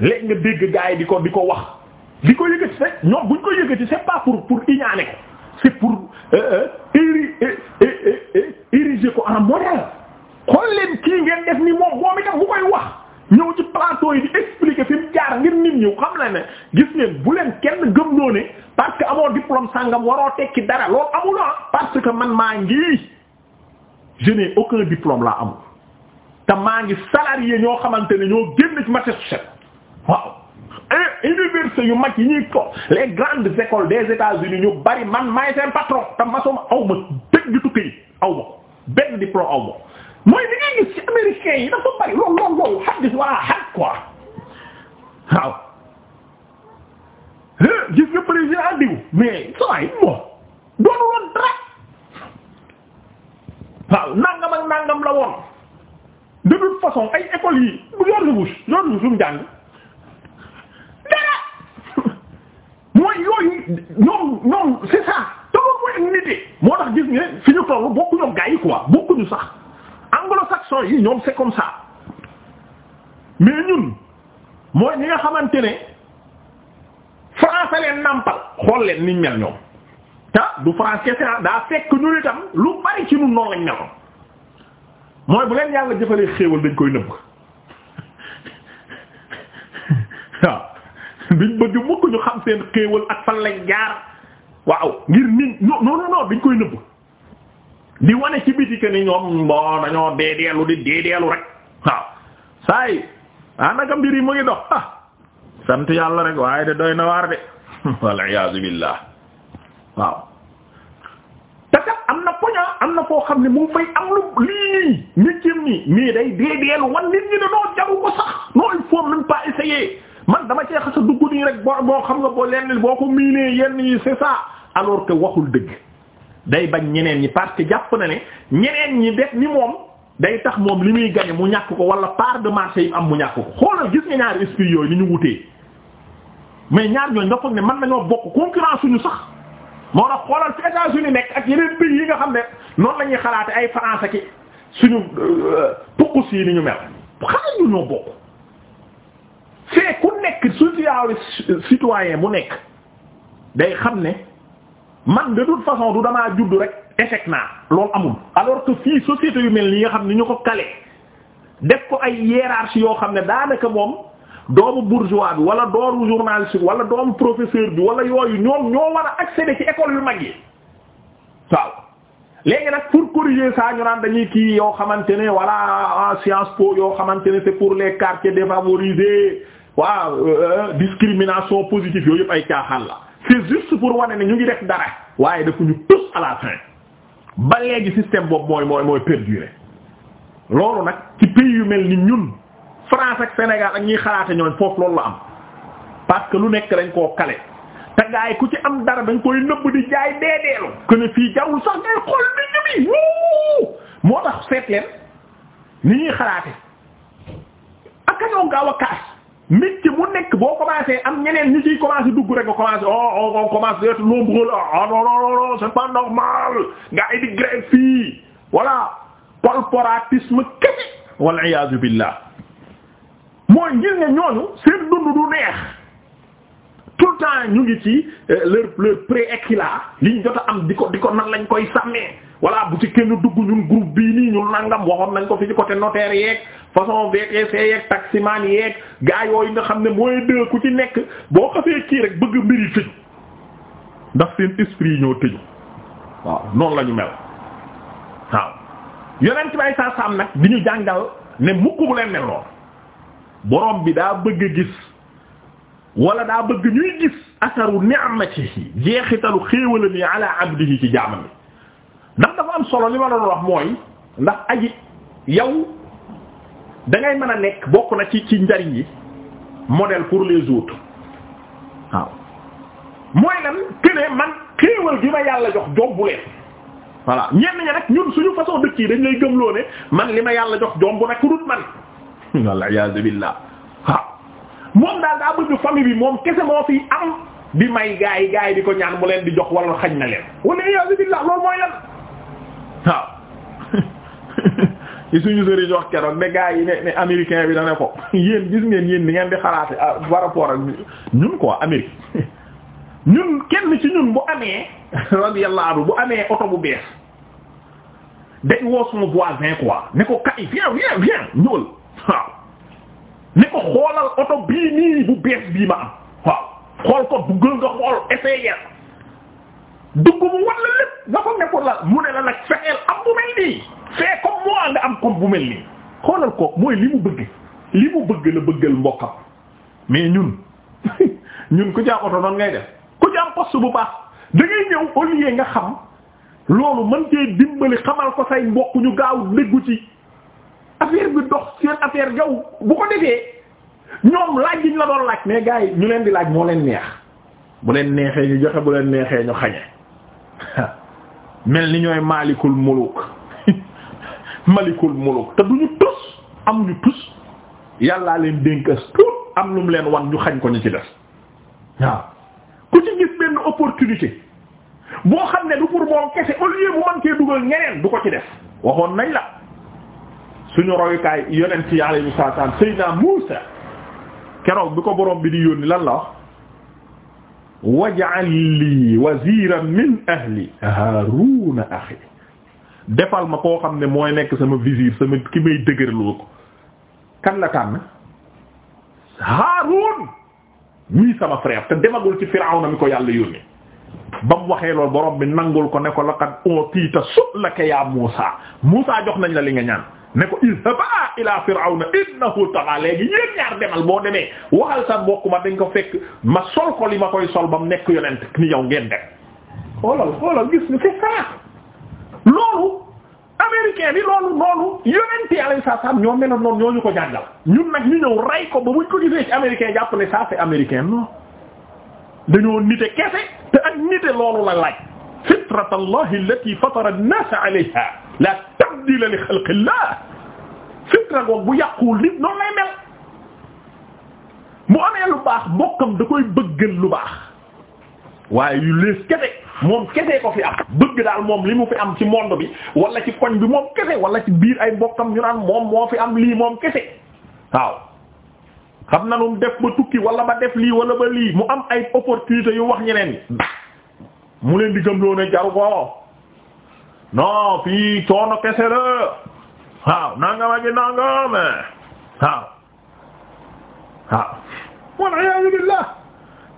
léeg nga dégg gars yi di ko di ko wax di ko yëgati rek ñoom buñ ko yëgati se pas pour pour iñaane ko c'est pour euh, euh, euh, ériger ko en modèle xool leen kii ngeen def ni moom moom itam bu koy wax ñëw ci plateau yi di expliquer fi jaar ngir nit ñi xam na ne gis ngeen bu leen kenn gëmloo ne parce que amoo diplôme sangam waroo tekki dara loolu amula ah, parce que man maa ngi je n'ai aucun diplôme laa amul te maa ngi salarié ñoo xamante ne ñoo génn ci Massachusetts waaw eh, université yu mag yi ñuy ko les grandes écoles des États-Unis ñu bari man maay seen patron te masoma aw ma dëgg tukki yi aw ma ko benn diplôme aw mooy li ngay gis ci américains yi dafa bari lool lool loolu xaddis wala xaj quoi waaw eh, gis nga président diw mais soay moom doonu woon dara waaw nangam ak nangam la woon de toute façon ay écoles yi bu yor lu bus yor lu busum njàng yooyu ñoom ñoom c'est ça toog mooy nite moo tax gis ngeen fi ñu toll bokkuñu gaa yi quoi bokkuñu sax anglo-saxon yi ñoom c'est comme ça mais ñun mooy ñi nga xamante ne français leen nampal xool leen niñ mel ñoom ta du français ah daa fekk ñun itam lu bari ci ñun noonu lañ meloon mooy bu leen yàlla jëfalee xéewal dañ koy nëbb duñ bëgg mukk ñu xam seen xéewal ak fan lañ jaar waaw ngir nit non non non dañ koy nëbb di wane ci biti que ni ñoom bon dañoo deedeelu di deedeelu rek waaw saa yi ah naka mbir mu ngi dox ah yàlla rek waaye de doy na waar de wal iyaazu billah waaw te am na poña am na foo xam ne mu fay am lu lii méccim nii mais day deedeelu wan nit ñi ne noo jaru ko sax non il faut même pas man dama cee xasa dugg nii rek boo boo xam nga boo lenn boo ko miinee yenn yi c'est ça alors que waxul dëgg day bañ ñeneen ñi parce que jàpp na ne ñeneen ñi def ni moom day tax moom li muy gañe mu ñàkk ko wala part de marché yi am mu ñàkk ko xoolal gis nga ñaari esprit yooyu ni ñu wutee mais ñaar ñooñu nga foog ne mën nañoo bokk concurrence suñu sax moo tax xoolal fi États-Unis nekk ak yeneen pays yi nga xam ne noonu la ñuy xalaate ay France ki suñu euh, pukus yi ni ñu mel xalaat ñu ñoo bokk fee ku nekk sociale citoyen bu nekk day xam ne man de toute façon du damaa juddu rek échec naa loolu amul alors que fii société yu mel ni nga xam ni ñu ko kale def ko ay hiérarchie yoo xam ne daanaka moom doomu bourgeois bi wala doomu journaliste bi wala doomu professeur bi wala yooyu ñoom ñoo war a accéder ci école yu mag yi waaw léegi nag pour corriger ça ñu naan dañuy kii yoo xamante ne wala en Sciences Po yoo xamante ne c'est pour les quartiers défavorisés waaw euh, discrimination positive yooyu yëpp ay caaxaan la c'est juste pour wane ni ñu ngi def dara waaye dafa ñu tous à ba léegi système boobu mooy mooy mooy perdurer loolu nag ci pays yu mel ni ñun France ak Sénégal ak ñuy xalaate ñooñ foofu loolu la am parce que lu nekk dañ koo kale te gaa ku ci am dara dañ koy nëbb di jaay deedeelu que ne fii jarul sax ngay xool nit ñi wuu moo tax seet leen ñuy xalaate ak kañoo gaaw a métier mu nekk boo commencé am ñeneen ñu ciy commencé dugg rek nga commencé oh, oh on commence d'être nombreux ah non non non c'est pas normal nga indi grève fii voilà corporatisme kese wal iyaazu billah mooy ngir ne ñooñu seen dund du neex. tout le temps ñu ngi ci euh, leur leur pré-exila liñ jot am di ko di ko nan lañ koy sàmmee voilà bu ci kenn dugg ñun groupe bii nii ñu nangam waxoon nañ ko fi ci côté notaire yeeg façon VTC yeeg taximan yeeg gaa yooyu nga xam ne mooy dëgg ku ci nekk boo xasee kii rek bëgg mbiri tëju ndax seen esprit yi ñoo tëju waaw noonu la ñu mel waaw yeneen ci may saa saam nag di ñu jàngal ne mukk bu leen mel noonu borom bi daa bëgg a gis. wala daa bëgg ñuy gis asaru ni'matihi jeexitalu xéewalam yi ala abdihi ci jaamam bi ndax dafa am solo li ma doon wax mooy ndax aji yow dangay ngay mën a nekk bokk na ci ci njariñ yi modèle pour les autres waaw mooy lan këne man xéewal gi ma yàlla jox jombu leen voilà ñenn ñi nag ñun suñu façon dëkk yi dañ lay gëmloo ne man li ma yàlla jox jombu nag ku dut man walla iyaazu billaah waaw moom daal daa bëgg famille bi moom kese moo fi am di may gaay yi gaay yi di ko ñaan mu leen di jox wala xañ na leen wala iyaazu billah loolu mooy lan waaw ci suñu sëriñ wax keroog ne gaay yi ne ne américain bi da ne ko yéen gis ngeen yéen di ngeen di xalaate ah, par rapport ak ñun quoi Amérique ñun kenn ci ñun bu amee radiyallahu anhu bu amee oto bu bees dañ woo son voisin quoi ne ko kay viens viens viens ñëwal ni ko xoolal oto bii nii bu bees bii ma am waaw xool ko bu gën nga xool essayer dugg mu wan la lépp nga foog ne la mu ne la nag fexeel am bu mel nii fee comme moo nga am comme bu mel nii xoolal ko mooy li mu bëgg li mu bëgg la bëggal mbokkam mais ñun ñun ku jaam oto noonu ngay def ku jaam poste bu baax da ñëw au lieu nga xam loolu mën cee dimbali xamal ko say mbokk ñu gaaw déggu ci affaire bi dox seen affaire yow bu ko defee ñoom laaj yi ñu la doon laaj mais gars yi ñu leen di laaj moo leen neex bu leen neexee ñu joxe bu leen neexee ñu xañe mel ni ñooy maalikul muluk malikul muluk te duñu tus ñu tus yàllaa leen dénk as tuut am lu mu leen wan ñu xañ ko ñu ci des waaw ku ci gis benn opportunité boo xam ne du pour moom kese au lieu bu man kee dugal ñeneen du ko ci def waxoon nañ la suñu royukaay yonent yi alayhi salaam Seydina Muusa keroog bi ko boroom bi di yónni lan la wax waj'al lii waziran min ahli Haaruna axi defal ma koo xam ne mooy nekk sama vizir sama ki may dëgërloo ko kan la tànn Haarun sama frère te demagul ci Firawna mi ko yàlla yónni ba mu waxee loolu borom bi nangul ko ne ko laqad utiita su'laka yaa Muusa Muusa jox nañ la li nga ñaan ne ko izhaba ila firawna innahu taxa léegi yéen ñaar demal boo demee waxal sa mbokk ma dañ ko fekk ma sol ko li ma koy sol bam nekk yonent ni yow ngeen dem xoolal xoolal gis ni c'est ça loolu américain bi loolu loolu yonent yàlla saa saa ñoo meloon noonu ñoo ñu ko jàngal ñun nag ñu ñëw rey ko ba buñ ko gisee ci américain jàpp ne ça c'est américain non dañoo nite kese te ak nite loolu la laaj fitratallahi allati fatara an-nas alayha la tabdila li xalqillah fitra bu yàquwul nit noonu lay mel mu amee lu baax mbokkam da koy bëggal lu baax waaye yu lees kese moom kese ko fi am bëgg daal moom li mu fi am ci monde bi wala ci koñ bi moom kese wala ci biir ay mbokkam ñu naan moom moo fi am lii moom kese waaw xam na num def ba tukki wala ba def lii wala ba lii mu am ay opportunité yu wax ñeneen mu leen di gëm loo ne jaru ko non fii coono kese la waaw nangama gi nangame waaw waaw waliyasu billah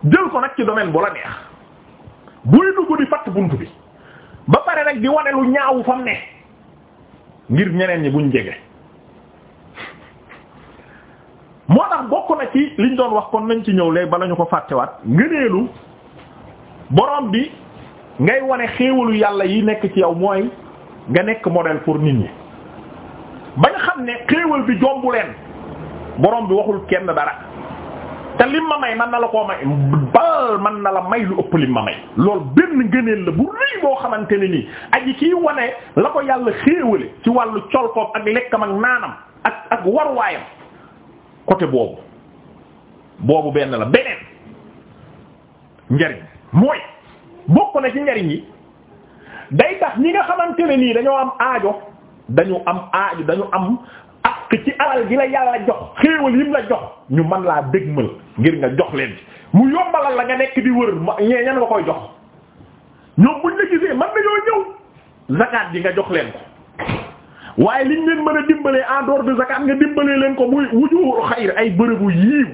jël ko nag ci domaine bu la neex buy dugg di fatt bunt bi ba pare nag di wane lu ñaawu fam ne ngir ñeneen ñi buñ jege moo tax bokk na ci liñ doon wax kon nañ ci ñëw léegi bala ñu ko fàttewaat ngëneelu borom bi ngay wane xéewalu yàlla yi nekk ci yow mooy nga nekk modèle pour nit ñi ba nga xam ne xéewal bi jombu leen borom bi waxul kenn dara te lim ma may man na la koo may bal man na la may lu ëpp lim ma may loolu benn ngëneel la bu rëy boo xamante ne nii aji kiy wane la ko yàlla xéewale ci wàllu colkoom ak lekkam ak naanam ak ak waruwaayam côté boobu boobu benn la beneen njariñ mooy bokk na ci njariñ yi day tax ñi nga xamante ne nii dañoo am aajo dañu am aajo dañu am ak ci alal gi la yàlla jox xéewal yim la jox ñu man laa dégmal ngir nga jox leen mu yombalal la nga nekk di wër ñee ñan nga koy jox ñoom buñ la man nañoo ñëw zakat ji nga jox leen ko waaye liñ leen mën a dimbalee en dehors de zakat nga dimbalee leen ko muy wuju xayr ay bërëbu yiiw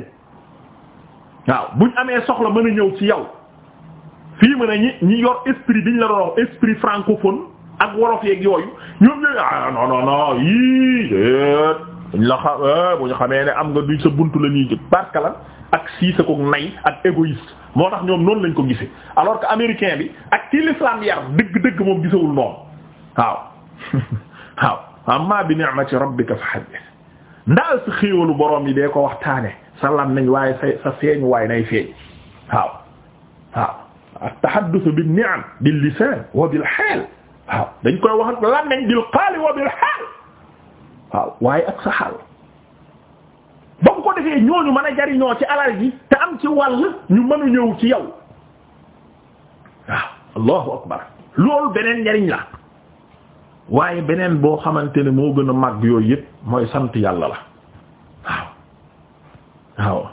waaw buñ amee soxla mën a ñëw ci yow lii mu ne ñi ñi yor esprit bi la doon wax esprit francophone ak wolof yeeg yooyu ñoom ñooy ah, yii buñ la xam eh, bu xamee ne am nga duñ sa buntu la ñuy parce que la ak siisa ko nay ak égoïste moo tax ñoom noonu lañ ko gisee alors que américain bi ak ci l'islam yar dëgg-dëgg moom gisawul noonu waaw waaw amma bi ni'mati rabbika fa hadith ndaal sa xéewalu borom yi dee ko waxtaane sa lam nañ waaye sa sa feeñu waaye nay feeñ waaw ak tahadduth bi ni'am bil lisaan wa bil xaal waaw dañ koy wax ak lan nañ bil waaw waaye ak sa xaal ba nga ko defee ñooñu mën a jariñoo ci alal ji te am ci wàll ñu mënu ñëw ci yow waaw allahu akbar loolu beneen njariñ la waaye beneen boo xamante ne moo gën a màgg yooy yëpp mooy sant yàlla la waaw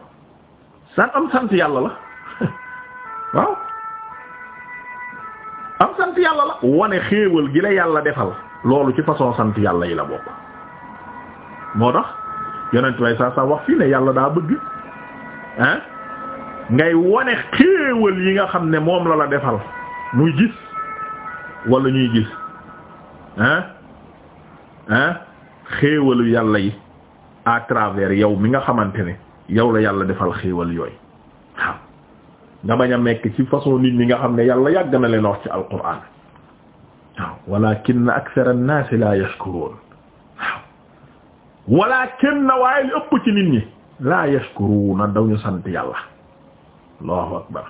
san am sant yàlla la yàlla la wane xéewal gi la yàlla defal loolu ci façon sant yàlla yi la bokk moo tax yonent way saa saa wax fii ne yàlla daa bëgg ah ngay wane xéewal yi nga xam ne moom la la defal muy gis walla ñuy gis ah ah xéewalu yàlla yi à travers yow mi nga xamante ne yow la yàlla defal xéewal yooy nga bañ a ci façon nit ñi nga xam ne yàlla yàgg na leen wax ci alquran waaw walakinna akthara an-nas la yashkurun waaw walakinna waaye li ëpp ci nit ñi la yashkuruna daw ñu sant yàlla allahu akbar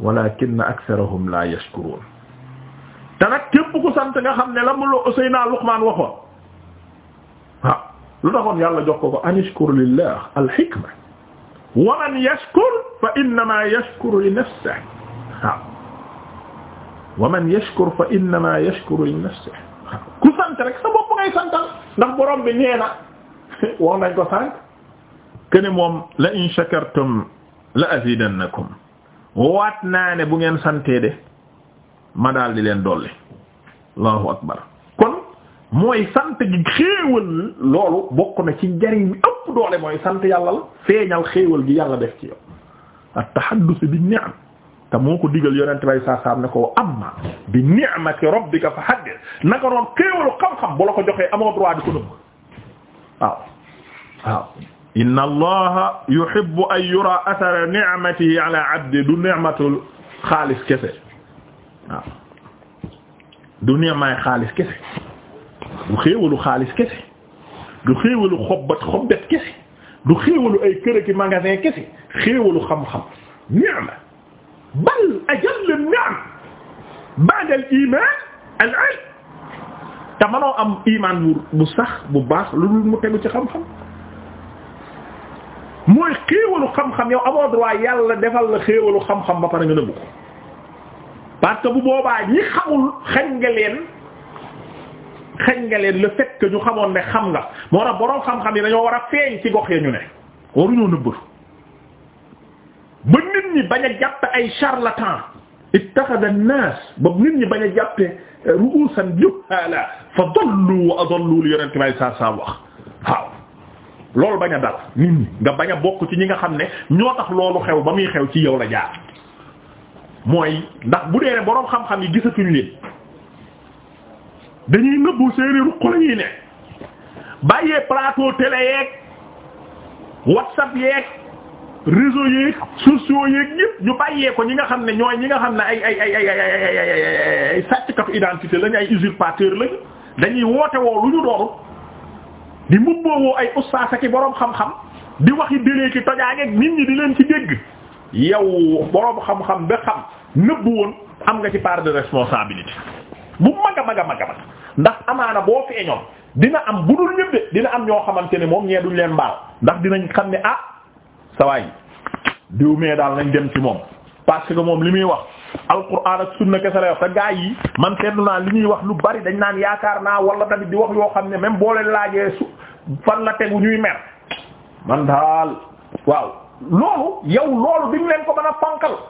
walakinna aktharahum la yashkurun te képp ku sant nga xam ne la mu lo Seydina Luqman waxoon waaw lu taxoon yàlla jox ko ko anishkur lillah al wa man yashkur fa innamaa yashkuru li nafsihi waaw wa man yashkur fa innamaa yashkuru li nafsihi waaw ku sant rek sa bopp ngay santal ndax borom bi nee na wax nañ ko sànq kene moom la in shakartum la azidannakum waat naa ne bu ngeen santee de ma daal di leen dolli allahu akbar mooy sant gi xéewal loolu bokk ci njariñ bi ëpp doole mooy sant yàlla la feeñal xéewal gi yàlla def ci yow bi ni'am te moo ko digal yonent bay saa saam ne ko amma bi ni'mati rabbika fa haddith naka noon xéewalu xam-xam bu la ko joxee amoo droit di ko nëbb waaw waaw inna allaha yuhibbu an yura athara ni'matihi ala abdi du ni'matul xaalis kese waaw du ni'may xaalis kese du xéewalu xaalis kese du xéewalu xobbat xobbet kese du xéewalu ay kër ki magasin kese xéewalu xam-xam ni'ma bal ajal ni'ma ba'da al iman al ilm te am iman bu sax bu baax lu dul mu tegu ci xam mu mooy xéewalu xam-xam yow amoo droit yàlla defal la xéewalu xam-xam ba pare nga nëbbu ko parce que bu boobaa ñi xamul xañ nga leen le fait ñu xamoon ne xam nga moo tax boroom xam-xam yi dañoo war a feeñ ci gox ya ñu ne waruñoo nëbbatu ba nit ñi bañ a jàpp ay charlatan ittaxada an ba nit ñi bañ a jàppe eh, ru'usan juhala fa dallu wa adallu li yonent may saa saa wax waaw loolu bañ a dal nit ñi nga bañ a bokk ci ñi nga xam ne ñoo tax loolu xew ba muy xew ci yow la jaar mooy ndax bu dee ne boroom xam-xam yi gisatuñ leen dañuy nëbbu seeni ruq la ñuy ne bàyyee plateau télé yeeg whatsapp yeeg réseau yeeg sociaux yeeg ñëpp ñu bàyyee ko ñi nga xam ne ñooy ñi nga xam ne ay ay ay ay ay ay sàcckatu identité lañ ay usurpateur lañ dañuy woote woo lu ñu dooru di mbubboo woo ay ustaas ak boroom xam-xam di waxi délee ki tojaangeeg nit ñi di leen ci dégg yow boroom xam-xam ba xam nëbbu woon am nga ci part de responsabilité bu mag a mag a mag ndax amaana boo feeñoon dina am budul ñëpp de dina am ñoo xamante ne moom ñee duñ leen mbaal ndax dinañ xam ne ah sa waay diw daal nañ dem ci moom parce que moom li muy wax alquran ak sunna kese lay wax te gaa yi man seetlu naa li ñuy wax lu bari dañ naan yaakaar naa wala tamit di wax yoo xam ne même boo leen laajee su fan la tegu ñuy mer man daal waaw loolu yow loolu diñ leen ko mën a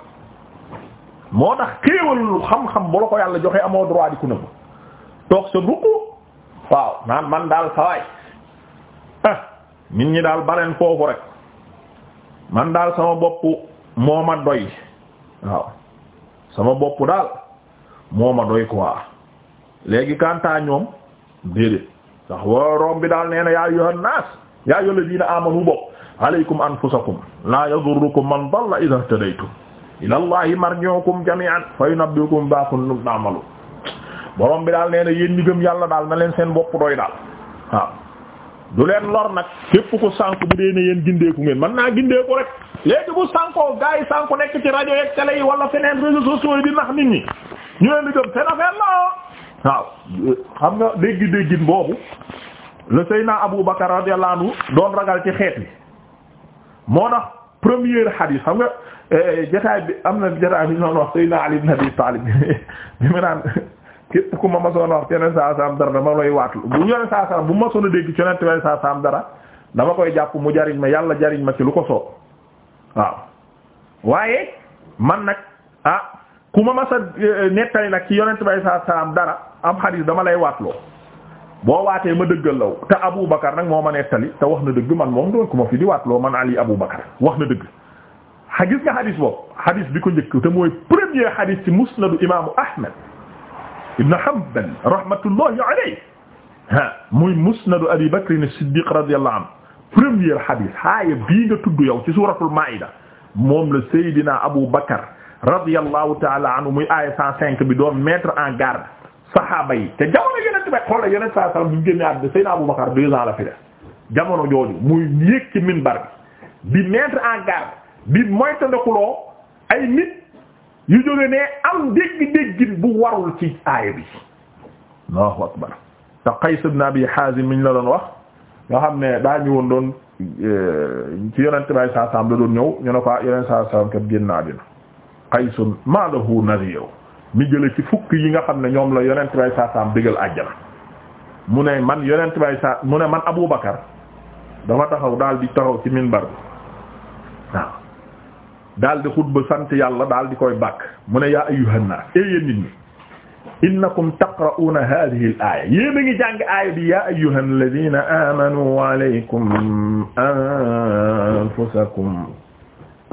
moo tax xéewal xam-xam bu ko yàlla joxe amoo droit di ku nëbb toog sa ruku waaw man daal sawaay ah nit ñi daal baleen foofu rek man daal sama bopp moo ma doy waaw sama bopp daal moo ma doy quoi léegi kantaa ñoom déedéet ndax waroom bi daal nee na yaa ayyuhan naas yaa ayyuhal ladiina aamanu bopp alaykum anfusakum laa yadurrukum man dalla idha ihtadaytum ilallahi marji'ukum jami'an fa yunabbi'ukum bima kuntum ta'malun borom bi daal nee na yéen ñi gëm yàlla daal na leen seen bopp doy daal waaw du leen lor nag képp ko sànku bu dee ne yéen gindeeku ngeen mën naa gindeeku rek léegi bu sànkoo gars yi nekk ci rajo yeeg télé yi wala feneen réseaux sociaux yi di nax nit ñi ñu leen di gëm la waaw xam nga dégg-déggin boobu le Seyna Abu Bakar radiyallahu anhu doon ragal ci xeet bi moo tax premier hadith jotaay bi am na jotaay bi ñu doon wax Seydina Ali ibn Abi Talib bi ma naan képp ku ma masoon wax yeneen saa bu yeneen saa saam a dégg ci yeneen saa saam dara dama koy jàpp mu jariñ ma yàlla jariñ ma ci lu ko man nag ah ma mas a eh, nettali nag saa saam dara am dama lay waatloo boo waatee ma dëggal law te Abu Bakar nag moo ma nettali te wax na dëgg man moom doon ku ma fi di waatloo man Ali Abu Bakar wax na dëgg. gis nga xadis boobu xadis bi ko njëkk te mooy premier xadis ci musnadu imaamu Ahmad ibn Hanbal rahmatullahi alayhi ah muy musnadu Abi Bakr as-Siddiq radiyallahu anhu premier xadis xaaye bii nga tudd yow ci suuratul Maa'ida moom la Seydina Abu Bakr radiyallahu ta'ala anhu muy aaya 105 bi doon mettre en garde saxaaba yi te jamono yonent bi xoolal yonent saa salaam bu ñu génnee àdduna Seydina Abu Bakr deux ans la fi def jamono jooju muy yéeg ci minbar bi di mettre en garde. bi moytandikuloo ay nit yu jóge ne am dégg-déggin bu warul ci aaya bi allahu akbar te Qays ibn Abi Hazim miñ la doon wax ñoo xam ne daañu woon doon e, ci yonente bay saa sam la doon ñëw ñu ne ko ah, yonent saa sam kat génn na àddina Qaysun ma lahu nadhiru mi jële ci fukk yi nga xam ne ñoom la yonent bay saa sam digal àjjana mu ne man yonent bay saa mu ne man Abu Bakar dama taxaw daal di taxaw ci minbar bi waaw daal di xutba sant yàlla daal di koy bàkk mu ne yaa ayyuhan naas éyéen eh nit ñi innakum taqra'una hadhihi al-aaya yéen a ngi jàng aaya bi yaa ayyuhal ladina amanu alaykum anfusakum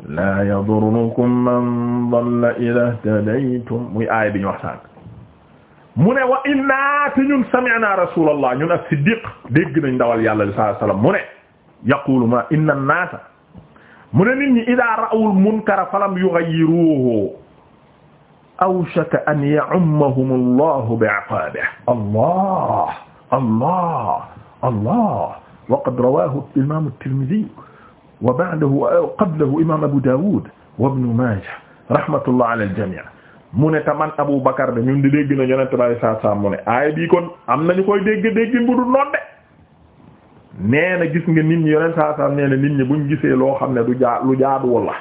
laa yadurrukum man dalla idha ihtadaytum muy aaya bi ñu wax sànq mu ne wa inna te ñun sami'na rasulallah ñun ak siddiq dégg nañ ndawal yàlla sallallahu alayhi wasallam mu ne yaqulu ma inna an-naasa mu ne nit ñi idaa ra'awul munkara falam yughayyiruhu awshaka an ya'ummahum allahu bi'iqaabihi allah allah allah waqad rawahu imam at-Tirmidhi wa ba'dahu qablahu imam Abu Dawud wa ibn Majah rahmatullah ala al-jami' mu ne taman Abu Bakar de ñun di dégg na yonent bi sallallahu alayhi wa sallam mu ne aaya bii kon am nañu koy dégg dégg bu dul noonu de nee na gis nga nit ñi yoneen saa saa nee nit ñi buñ gisee loo xam ne du jaa lu jaaduwul la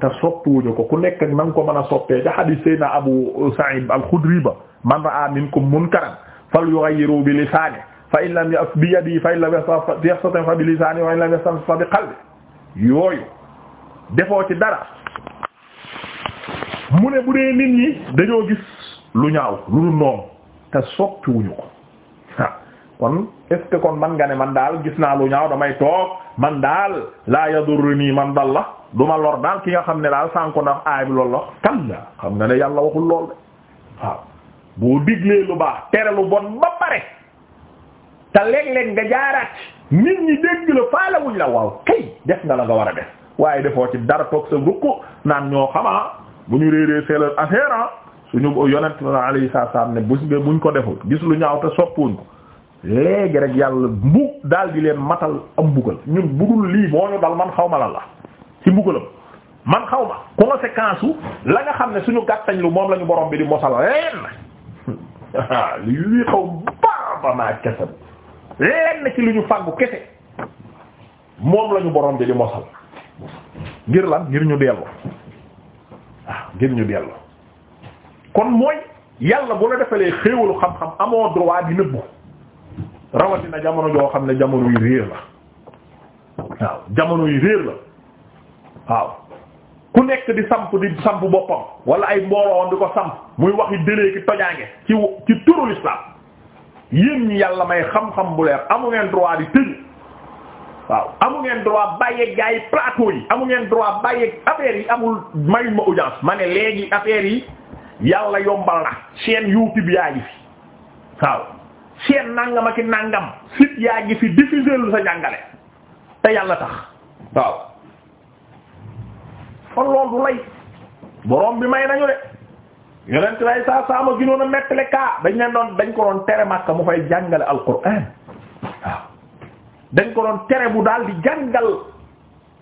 te soppuwuñu ko ku nekk na nga ko mën a soppee ca hadith sayna Abu Sa'id al-Khudri ba man ra'a minkum munkaran falyughayyiru bi lisaanihi fa in lam yastati' bi yadihi fa in lam yastati' fa bi lisaanihi wa in lam bi yooyu defoo ci dara mu ne bu dee nit ñi dañoo gis lu ñaaw lu dul noonu te soppiwuñu ko kon est kon man nga ne man daal gis naa lu ñaaw damay toog man daal laa yadurruni man dal la du ma lor daal ki nga xam ne daal sànko ndax aay bi loolu la kan la xam nga ne yàlla waxul lool de waaw boo diglee lu baax tere lu bon ba pare te léeg-léeg nga jaaraat nit ñi dégg la faale wuñ la waaw kay def nga la nga war a def waaye defoo ci dara toog sa rukk naan ñoo xamaa ah, bu ñu réeree c'est leur affaire ah. suñu yonent alayhi salaam ne buñ ko deful gis lu léegi rek yàlla mbug daal di leen matal am mbugal ñun budul lii moo ñu dal man xaw ma la la ci mbugalam man xaw ma conséquence u la nga xam ne suñu gàttañ lu moom lañu ñu borom bi di mosal leen ah lii xaw baaba maa kesam leen ci lu ñu fàggu kese moom lañu boroom borom bi di mosal ngir lan ngir ñu dellu waaw ngir ñu dellu kon mooy yàlla bu la defalee xéewalu xam-xam amoo droit di nëbbu. rawatina jamono joo xam ne jamono yu réer la waaw jamono yu réer la waaw ku nekk di samp di samp boppam wala ay mbooloo di ko samp muy waxi dëlee ki tojaange ci ci turu l'islam yéen ñi yàlla may xam-xam bu leer amu ngeen droit di tëj waaw amu ngeen droit bàyyeeg gars yi plateau yi amu ngeen droit bàyyeeg affaire yi amul may ma audience ma ne léegi affaire yi yàlla yombal na chaîne YouTube yaa ngi fi waaw seen nangam ak nangam fit yaa ngi fi diffuser lu sa jàngale te yàlla tax waaw kon lool du lay borom bi may nañu de yonent lay saa saama ginoon a mettale kaa dañ leen doon dañ ko tere Makka mu fay jàngale alquran waaw dañ ko doon tere bu daal di jàngal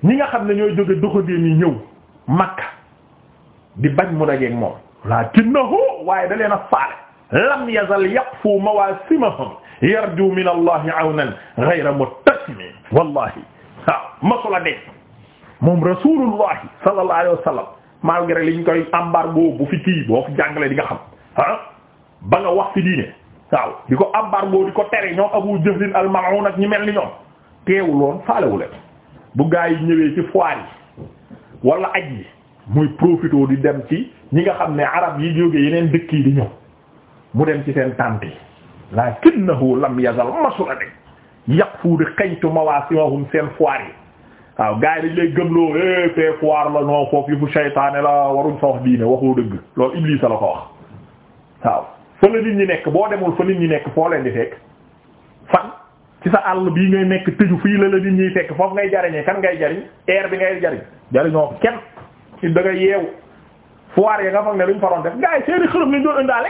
ñi nga xam ne ñooy jóge doxandéem ni ñëw Makka di bañ mu dajeeg moom laa kinnahu waaye da leen faale lam yazal yaqfu mawasimahum yarju min allahi awnan ghayra muttasimi wallahi waaw masula de moom rasulullahi sallallahu alayhi wa sallam malgré liñ koy embargo bu fi kii boo fi jàngale di nga xam ah ba nga wax fi diine waaw di ko embargo di ko tere ñoom Abu Jahlin al-mal'un ak ñi mel ni ñoom teewul woon faalewuleen bu gaa yi ñëwee ci foire yi wala aj yi muy profité di dem ci ñi nga xam ne arab yi jógee yeneen dëkk yi di ñëw mu dem ci seen tànt yi lakinnahu lam yazal masula de yàq fu di xeñtu mawasimahum seen foire yi waaw gars yi dañ lay gëmloo é eh, fee foire la noo foofu yëfu saytaane la waruñ fa wax diine waxoo dëgg loolu Iblis la ko wax waaw fa la nit ñi nekk boo demul fa nit ñi nekk foo leen di fekk fan bii ngay nekk tëju fii la la nit ñiy foofu ngay jariñee kan ngay jariñ air bi ngay jariñ jariñoo kenn ci da nga yeewu foire ya nga foog ne luñ faroon def gars yi seeni xërëm lañ doon ëndaale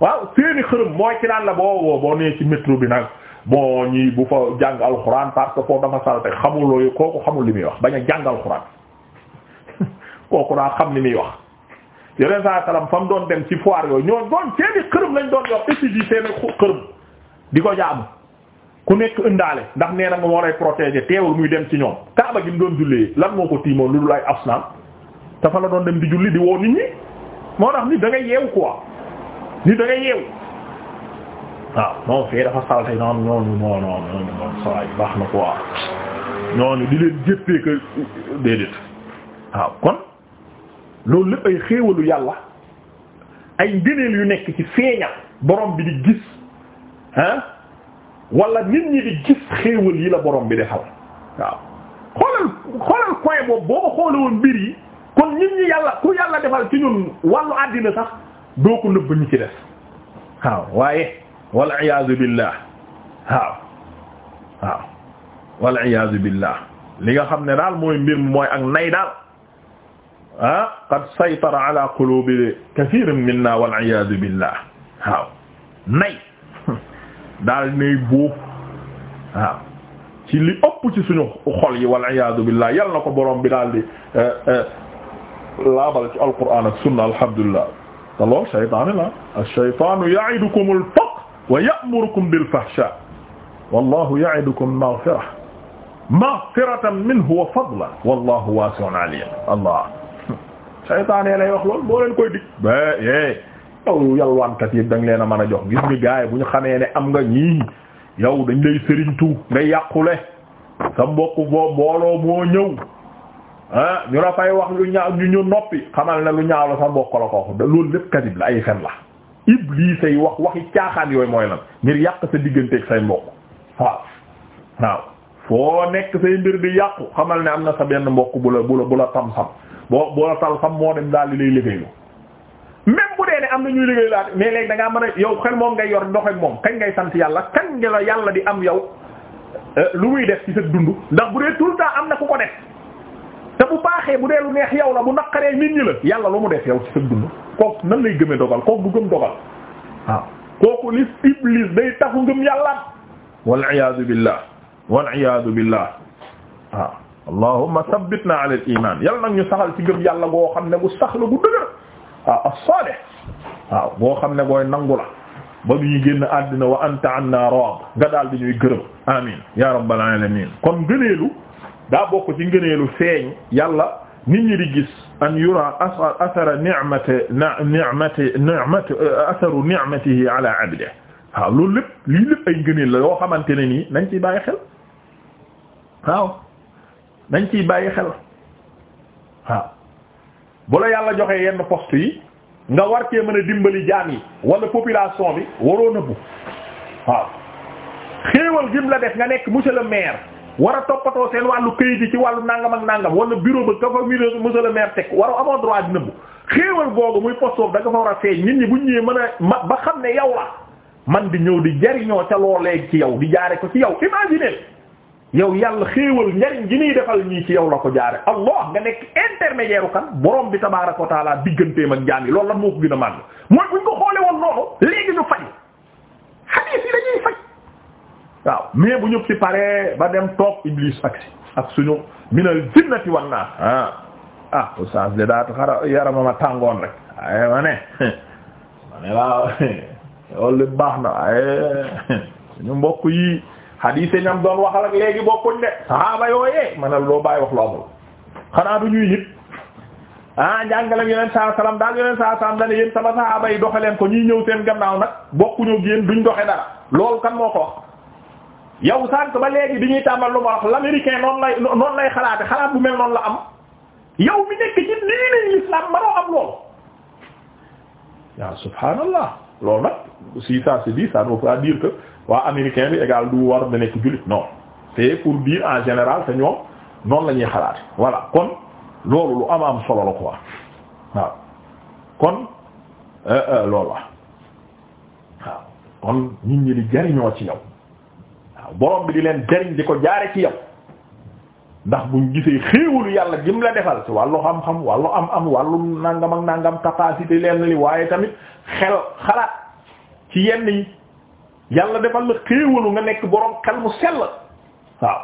waaw seeni xërëm mooy ci naan la boo boo nee ci métro bi nag bon ñi bu fa jàng alxuraan parce que foofu dafa salte xamuloo kooku xamul li muy wax bañ a jàng alxuraan kooku daa xam li muy wax yeneen saa salaam fa mu doon dem ci foire yooyu ñoo doon seeni xërëm lañ doon yor étudier seeni xërëm di ko jaamu ku nekk ëndaale ndax nee na nga moo ay protéger teewul muy dem ci ñoom kaaba gi mu doon jullee lan moo ko tiimoo lu dul ay asnam dafa la doon dem di julli di woo moo tax ni da ngay yeewu ni da nga yeewu waaw moom fee dafa salte noonu ñooñu non non ñooñu moom sawaay baax na quoi ñooñu di leen jëppee que déedéet waaw kon loolu lépp ay xéewalu yàlla ay ngëneel yu nekk ci feeñal borom bi di gis ah wala nit ñi di gis xéewal yi la borom bi defal waaw xoolal xoolal koy boobu boo ko xoole woon mbir yi kon nit ñi yàlla ku yàlla defal ci ñun wàllu àddina sax doo ko nëbb ñu ci def waaw waaye wal iyaazu billah waaw waaw wal iyaazu billah li nga xam ne daal mooy mbir mi mooy ak nay daal ah qad saytara ala qulubi kathirin minna wal iyaazu billah waaw nay daal nay boof waaw ci li ëpp ci suñu xol yi wal iyaazu billah yal na ko borom bi daal di eh, eh, laabal ci alquran ak sunna alhamdulillah te lool shaytaan la ash-shaytaanu ya'idukumul faqr wa ya'murukum bil fahshaa wallaahu ya'idukum maghfiratan maghfiratan minhu wa fadlan wallaahu waasi'un 'aliim allah shaytaan lay wax lool boo leen koy dig ba eh yow yalwaankat yi da nga leen a mën a jox gis nga gaay bu ñu xamee ne am nga ñii yow dañ lay sëriñtu nga yàqule sa mbokk boo mbooloo moo ñëw. ah ñu la fay wax lu ñaaw ñu ñu noppi xamal ne lu ñaaw sa mbokk la ko wax loolu lépp kadib la ay fen la iblis say wax waxi caaxaan yooyu mooy lan ngir yàq sa digganteeg say mbokk waaw waaw foo nekk say mbir di yàqu xamal ne am na sa benn mbokk bu la bu la bu la tam sam boo bu la tal sam moo dem daal di lay liggéeylu même bu dee ne am na ñuy liggéeylu daal mais léegi da ngaa mën a yow xel moom ngay yor ndox moom kañ ngay sant yàlla kañ nga la yàlla di am yow eh, lu muy def dund ndax bu dee tout am na ku ko te bu baaxee bu dee lu neex yow la bu naqaree nit ñi la yàlla lu mu def yow ci sa dund kooku nan lay gëmee dogal kooku gëm dogal kooku li iblis day taxu ngëm yàllaat wal iyaadu billah wal iyaadu billah waaw allahumma sabbitna ala al iman yàlla nag ñu saxal ci ngëm yàlla goo xam ne bu sax la bu dëgër waaw as-salih waaw boo xam ne gooy nangu la ba du ñu génn àddina wa anta anna raad nga daal di ñuy amin ya rabbal alamin kon gëneelu daa bokk ci ngëneelu feeñ yàlla nit ñi di gis an yura athara ni'mati ni'mati ni'mati atharu ni'matihi ala abdihi waaw loolu lépp lii lépp ay ngëneel la yoo xamante ne nii nañ ciy bàyyi xel nañ ciy bàyyi xel waaw bu la yàlla joxee yenn poste yi nga war cee mën a dimbali jaam yi wala population bi waroo nëbbu waaw xéewal gim la def nga nekk monsieur le maire war a toppatoo seen wàllu këyit yi ci wàllu nangam ak nangam wala bureau ba ka fa monsieur le war a amoo droit di nëbbu xéewal googu muy poste da nga fa war a feeñ nit ñi bu ñëwee mën a ba xam ne yow la man di ñëw di jariñoo ca loolee ci yow di jaare ko ci yow imaginer yow yàlla xéewal njariñ gi ñuy defal ñii ci yow la ko jaare allah nga nekk intermédiaire kan borom bi tabaaraka wa taala digganteem ak jaam yi lool la moo ko gën a màgg mooy buñ ko xoole woon waaw mais bu ñu ci paree ba dem toog Iblis ak si ak suñu minal jinnati wan naa ah ah oustaz de daa xara yaramama tàngoon rek ay ma ne ma ne laa loolu baax na ay suñu mbokk yi xadiise ñam doon waxal ak léegi bokkuñ de saxaaba yooyee ma ne loo bàyyi wax lu amul xanaa du ñuy yit ah njàngalem yeneen saa salaam daal yi doxe leen ko ñuy ñëw seen gannaaw nag bokkuñu ak yéen duñ doxe dara loolu kan moo ko wax yow sànq ba léegi bi ñuy tàmbal lu ma wax l'américain noonu lay noonu lay xalaate xalaat bu mel noonu la am yow mi nekk ci diine l'islam manoo am loolu yaa subhaanallah loolu nag si ça se dit ça bi égal pour dire en général te ñoom noonu la ñuy xalaate voilà kon loolu lu am am solo la quoi waaw kon euh, euh, loolu la waaw kon nit ñi di jariñoo ci yow waaw borom bi di leen jariñ di ko jaare ci yow ndax buñ gisee xéewalu yàlla jëm la defal ci wàllu xam-xam wàllu am am wàllu nangam ak nangam di leen li waaye tamit xel xalaat ci yenn yi yàlla defal la xéewalu nga nekk boroom xel mu sell waaw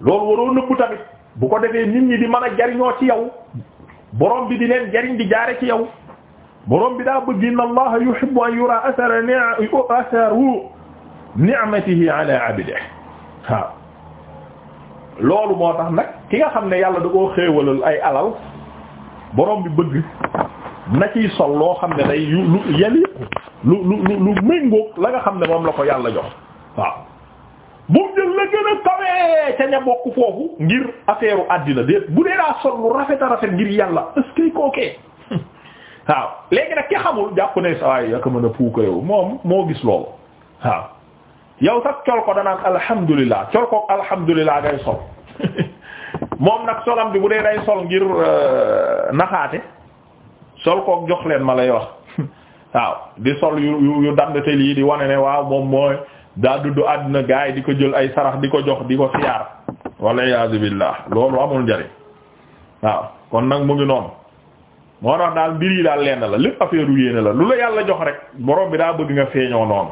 loolu waroo nëbbu tamit bu ko defee nit ñi di mën a jariñoo ci yow borom bi di leen jariñ di jaare ci yow borom bi daa bëgg inna allaha yuhibbu an yura athara ni'am athara ni'matihi ala abdihi waaw loolu moo tax nag ki nga xam ne yàlla da koo xéewalal ay alal borom bi bëgg na ciy sol loo xam ne day lu yeli lu lu lu méngoog la nga xam ne moom la ko yàlla jox waaw bu jël la gën a kawee ca ña bokk foofu ngir affaire àddina déet bu dee daa sol rafet a rafet ngir yàlla est-ce que kookee waaw léegi nag ki xamul jàpp ne sa waay mën a puukarewu moom moo gis loolu waaw yow sax col ko danaan alhamdulilah col ko alhamdulilah ngay sol moom nag solam bi bu dee day sol ngir euh, naxaate sol koog jox leen ma lay wax waaw di sol yu yu dandatel yi di wane ne waaw moom mooy daa dudd àddina gaa di ko jël ay sarax di ko jox di ko siyaar walla iyaazu billaah loolu amul njariñ waaw kon nag mu ngi noonu moo tax daal mbir daal lenn la lépp affaire yu yéene la lu la yàlla jox rek borom bi daa bëgg nga feeñoo noonu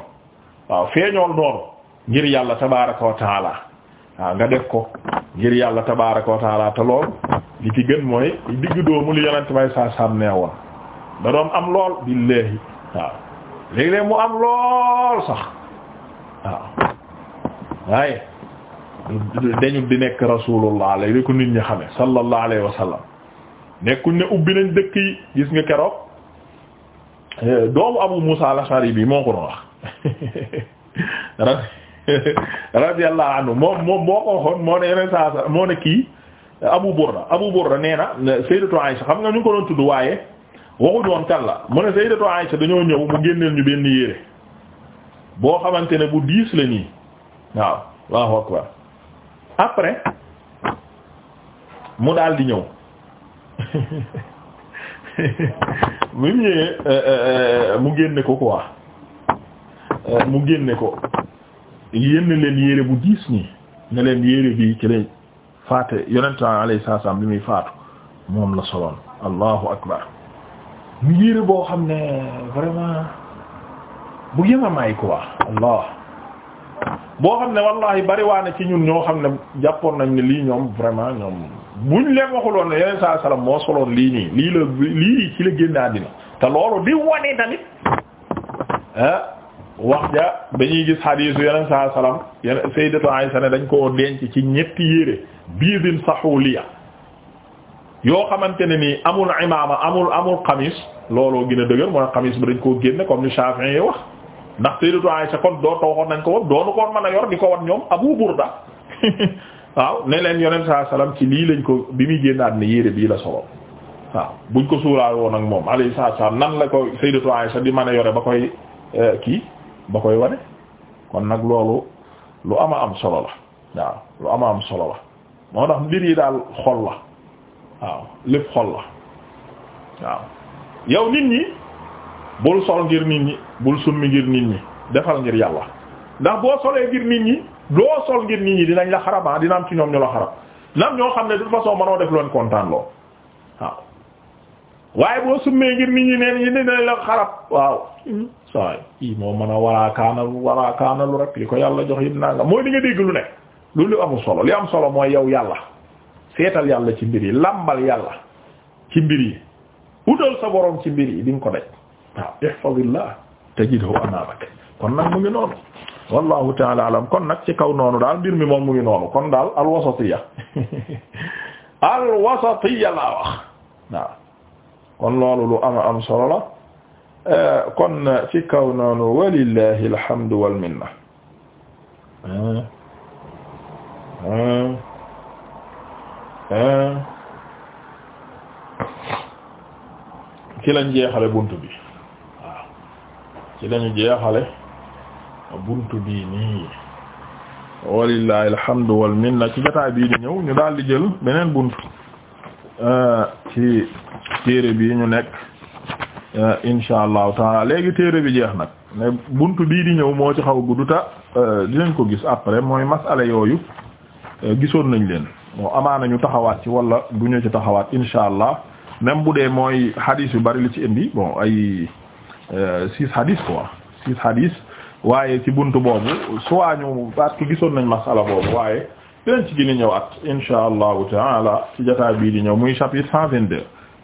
waaw feeñool noonu ngir yàlla tabaraka wa taala waaw nga def ko ngir yàlla tabaraka wa taala te lool li ci gën mooy digg doomu li yonent may saa saam woon da doon am lool billahi waaw léeg-léeg mu am lool sax waaw waaye dañu di nekk rasulullah lay li ko nit ñi xame sallallahu alayhi wa nekkuñ ne ubbi nañ dëkk yi gis nga keroog eh, doomu Abu Musa al-Ashari bi moo ko doon wax radiyallahu anhu moom moom moo ko waxoon moo ne yeneen saa moo ne kii Abu Burda Abu Burda nee na Sayyidatu Aisha xam nga ñu ko doon tudd waaye waxuñu woon kan la mu ne Sayyidatu Aisha dañoo ñëw mu génneel ñu benn yére boo xamante ne bu diis la nii waaw Allahu akbar après mu daal di ñëw bi mu ñëwee euh, euh, euh, mu génne ko quoi. Euh, mu génne ko yenn leen yére bu diis nii ne leen yére bi ci lay faate sa alayhi salaam bi muy faatu moom la soloon allahu akbar mu yére boo xam ne vraiment bu yemamaay quoi allah boo xam ne wallahi bariwaane ci ñun ñoo xam ne jàppoon nañ ne lii ñoom vraiment ñoom buñ leen waxuloon ne yeneen saa salaam moo soloon lii nii lii la lii ci la génn àddina te loolu di wane tamit ah wax ja dañuy gis xadiisu yeneen saa salaam yeneen sayyidatu Aysa ne dañ koo denc ci ñetti yére biidin saxuliya yoo xamante ne nii amul imaama amul amul xamis looloo gin a dëgër mooy xamis bi dañ koo génne comme ni Shafi'i yi wax ndax sayyidatu Aysa kon doo toogoon nañ ko woon doonu koon mën a yor di ko wan ñoom Abu Burda waaw ne leen yoneen saa salaam ci lii lañ ko bi muy génnaat ne yére bii la solo waaw buñ ko suuraal woon ak moom alayhi salaam nan la ko sayyidatu Aysa mën a yore ba koy eh, kii ba koy wane kon nag loolu lu ama am solo la waaw lu ama am solo la moo tax mbir yi daal xol la waaw lépp xol la waaw yow nit ñi bul sol ngir nit ñi bul summi ngir nit ñi defal ngir yàlla ndax boo solee ngir nit ñi doo sol ngir nit ñi dinañ la xarab ah, dina am ci ñoom ñu la xarab dina ñoo xam ne de toute façon mënoo def loon kontaan loo waaye boo summee ngir nit ñi neen ñi ne la xarab waaw mm. saay kii moo mën a waraakaanalu waraakaanalu rek li ko yàlla jox yit naa nga mooy li nga dégg lu ne lu lu amul solo li am solo mooy yow yàlla seetal yàlla ci mbir yi làmbal yàlla ci mbir yi utal sa borom ci mbir yi di ko daj waaw ihfazillah tajidhu amamaka kon nag mu ngi noonu wallahu taala alam kon nag ci kaw noonu daal mbir mi moom mu ngi noonu kon daal al wasatiya laa wax waaw kon loolu lu ama am solo la eh, kon ci kaw noonu walillahi alhamdu wal minna ci lañ jeexale buntu bi waaw ci lañu jeexale buntu bi nii walillahi alhamdu wal minna ci jotaay bii di ñëw ñu daal di jël beneen buntu eh, ci téere bii ñu nekk eh, insha allah taala léegi téere bi jeex nag mais buntu bii di ñëw moo ci xaw gudduta eh, dinañ ko gis après mooy masala yooyu eh, gisoon nañ leen moo amaana ñu taxawaat ci walla du ñu ci taxawaat insha allah même bu dee mooy hadith yu bari li ci indi bon ay six hadith quoi six hadith waaye ci buntu boobu soit ñu parce que gisoon nañ masala boobu waaye dinañ ci gën a ñëwaat insha allahu taala ci jotaay bii di ñëw muy chapitre cent vingt